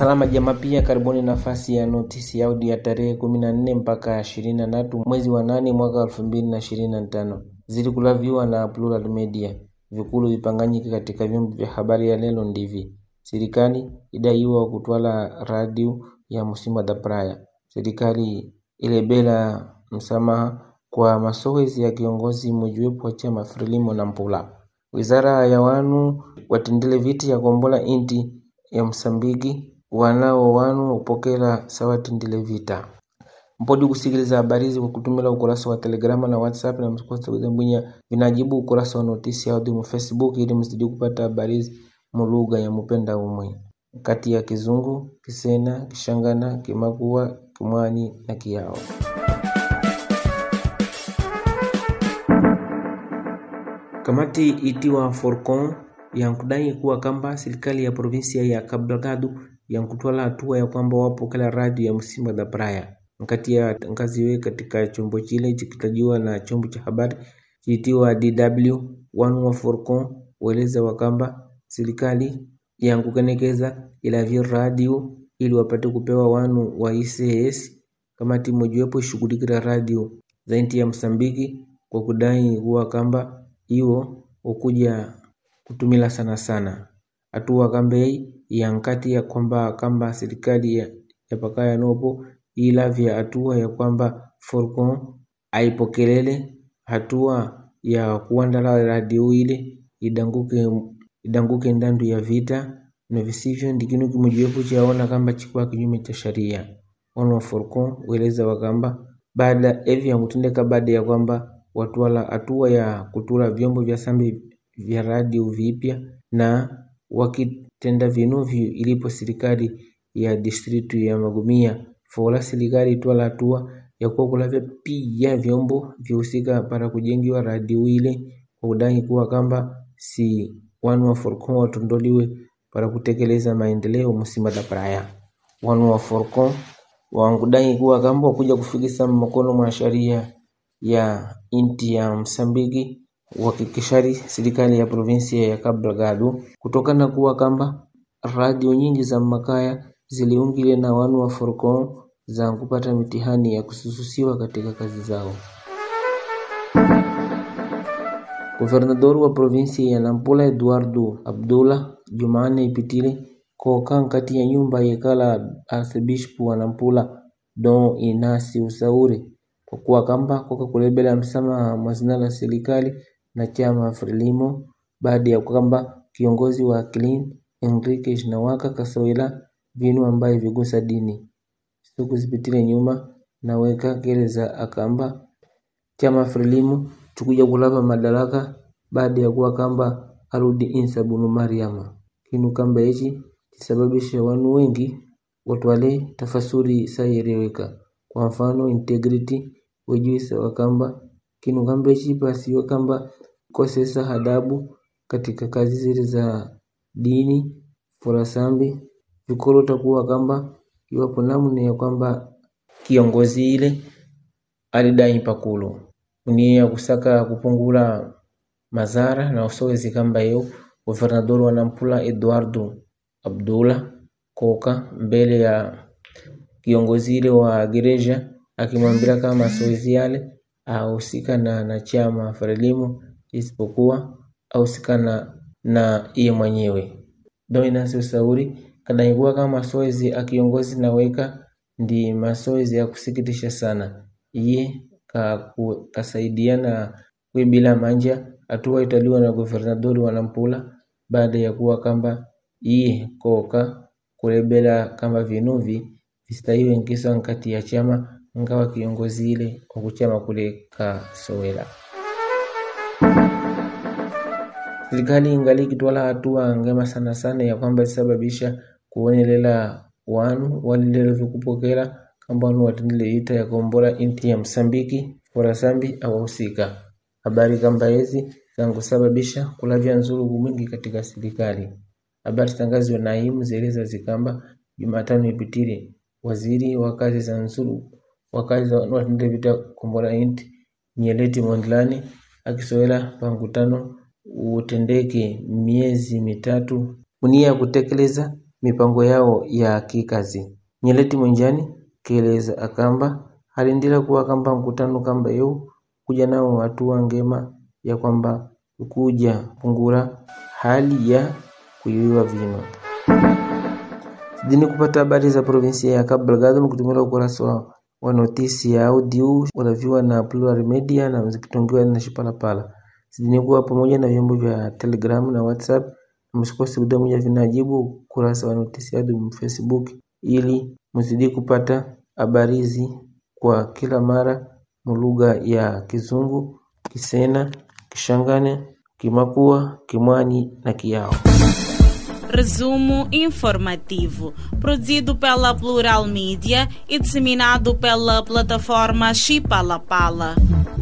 Salama jama pia karibuni nafasi ya notisi ya audio ya tarehe 14 mpaka 23 mwezi wa 8 mwaka 2025 zili na na zilikulaviwa na Plural Media. Vikulu vipanganyike katika vyombo vya habari ya lelo ndivi: serikali idaiwa kutwala radio ya Musima da Praia, serikali ilebela msamaha kwa masohezi ya kiongozi mojiwepo wa chama Frelimo na Mpula, wizara ya wanu watendele viti ya kombola inti ya Msambiki Wanao wanu hupokela sawatindile vita mpodi kusikiliza habarizi kwa kutumila ukurasa wa telegrama na whatsapp na msikosabwinya vinajibu ukurasa wa notisi audhimu facebook ili mzidi kupata habarizi hizi mulugha ya mupenda umwe kati ya kizungu kisena kishangana kimakuwa kimwani na kiyao kamati itiwa forcon yankudai kuwa kamba serikali ya provinsia ya Kabagadu ya kutwala hatua ya kwamba wapo kila radi ya msimba za praya nkati ya we katika chombo chile chikitajiwa na chombo cha habari chiitiwa DW wanu wa Forcon weleza wakamba serikali yankukenekeza ilavyo radio ili wapate kupewa wanu wa ICS kamati mojawapo ishughulikira radio za inti ya Msambiki kwa kudai huwa kamba iwo ukuja kutumila sana sana Atuwagambei ya kwamba kamba serikali nopo ila vya hatua ya kwamba Forcon aipokelele hatua ya kuwandala radio ile idanguke ndandu ya vita na visivyo ndikino kimojewapo chaona kamba chikuwa kinyume cha sharia onwa Forcon weleza wakamba baada evya hamutendeka baada ya kwamba watwala hatua ya kutula vyombo vya sambi vya radio vipya na wakitenda kitendavinu ilipo Serikali ya distritu ya magumia Fowler Serikali itwala hatua ya kuwa kulavya pia vyombo vyahusika para kujengiwa radiyo ile kwa kudai kuwa kamba si wanu wa Forcon watondoliwe para kutekeleza maendeleo da praya wanu wa Forcon wankudai kuwa kamba wakuja kufikisa mkono mwa sharia ya inti ya Msambiki wakikishari serikali ya provinsi ya Kabagadu kutokana kuwa kamba radio nyingi za Makaya ziliungile na wanu wa forcon za kupata mitihani ya kususiwa katika kazi zao. Guvernador wa provinsi ya Nampula Eduardo Abdullah Jumane ipitile koka nkati ya nyumba yekala athibishpu wa Nampula Don Inasi Usauri kwa kuwa kamba kulebela msamaha mwazina la serikali na chama Frelimo baada ya kwamba kiongozi wa Clean Enrique Shinawaka Kasoila Vinu ambaye vigusa dini siku zipitile nyuma naweka gereza akamba chama Frelimo chikuja kulapa madaraka baada ya kuwa kamba arudi Insa bunu Mariama kinu kamba hichi kisababisha wanu wengi watu wale tafasuri sayeleweka. Kwa mfano integrity wejuisa wakamba kinu kamba hichi pasiwe kamba kukosesa adabu katika kazi zile za dini furasambi vikolo takuwa kamba iwapo namna ya kwamba kiongozi ile alidai pakulo ya kusaka kupungula mazara na usowezi kamba iyo governador wa Nampula Eduardo Abdullah Koka mbele ya kiongozi ile wa gereja akimwambia kama mazoezi yale ahusika na na chama Frelimo isipokuwa ahusika na iye mwenyewe Dominus Usauri kadaiwa kama masoezi akiongozi naweka ndi masoezi ya kusikitisha sana iye na kwi bila manja hatua italiwa na guvernadori wa Nampula baada ya kuwa kamba iye koka kulebela kamba vinuvi vistahiwe nkiswa nkati ya chama ngawa kiongozi ile kuchama kule kasowela serikali ingali ikitwala hatua ngema sana sana ya kwamba isababisha kuonelela wanu walilelo vikupokela kambwanu watendele ita ya kombora inti ya Msambiki forasambi awahusika habari kamba hizi zankusababisha kulavya nzulugu mwingi katika serikali. Habari tangazo na himu zieleza zikamba Jumatano ipitire waziri wa kazi za nzuru wa kazi watendele vita kombora inti Nyeleti Mondlani akisoela pangutano utendeke miezi mitatu nia kutekeleza mipango yao ya kikazi. Nyeleti Mwenjani keleza akamba alindira kuwa kamba mkutano kamba yeu kuja nao hatua ngema ya kwamba kuja pungura hali ya kuiwiwa vino dini kupata habari za provinsi ya Cabo Delgado mkutumia ukurasa wa, wa notisi ya audio unaviwa na Plural Media na zikitungiwa na Shipalapala zingine pamoja na vyombo vya Telegram na Whatsapp na msikose kudamuja vinajibu kurasa wa Notice Yard Facebook ili mzidi kupata habarizi kwa kila mara mulugha ya Kizungu, Kisena, Kishangane, Kimakua, Kimwani na Kiao. Resumo informativo, produzido pela Plural Media e disseminado pela plataforma Chipala Pala.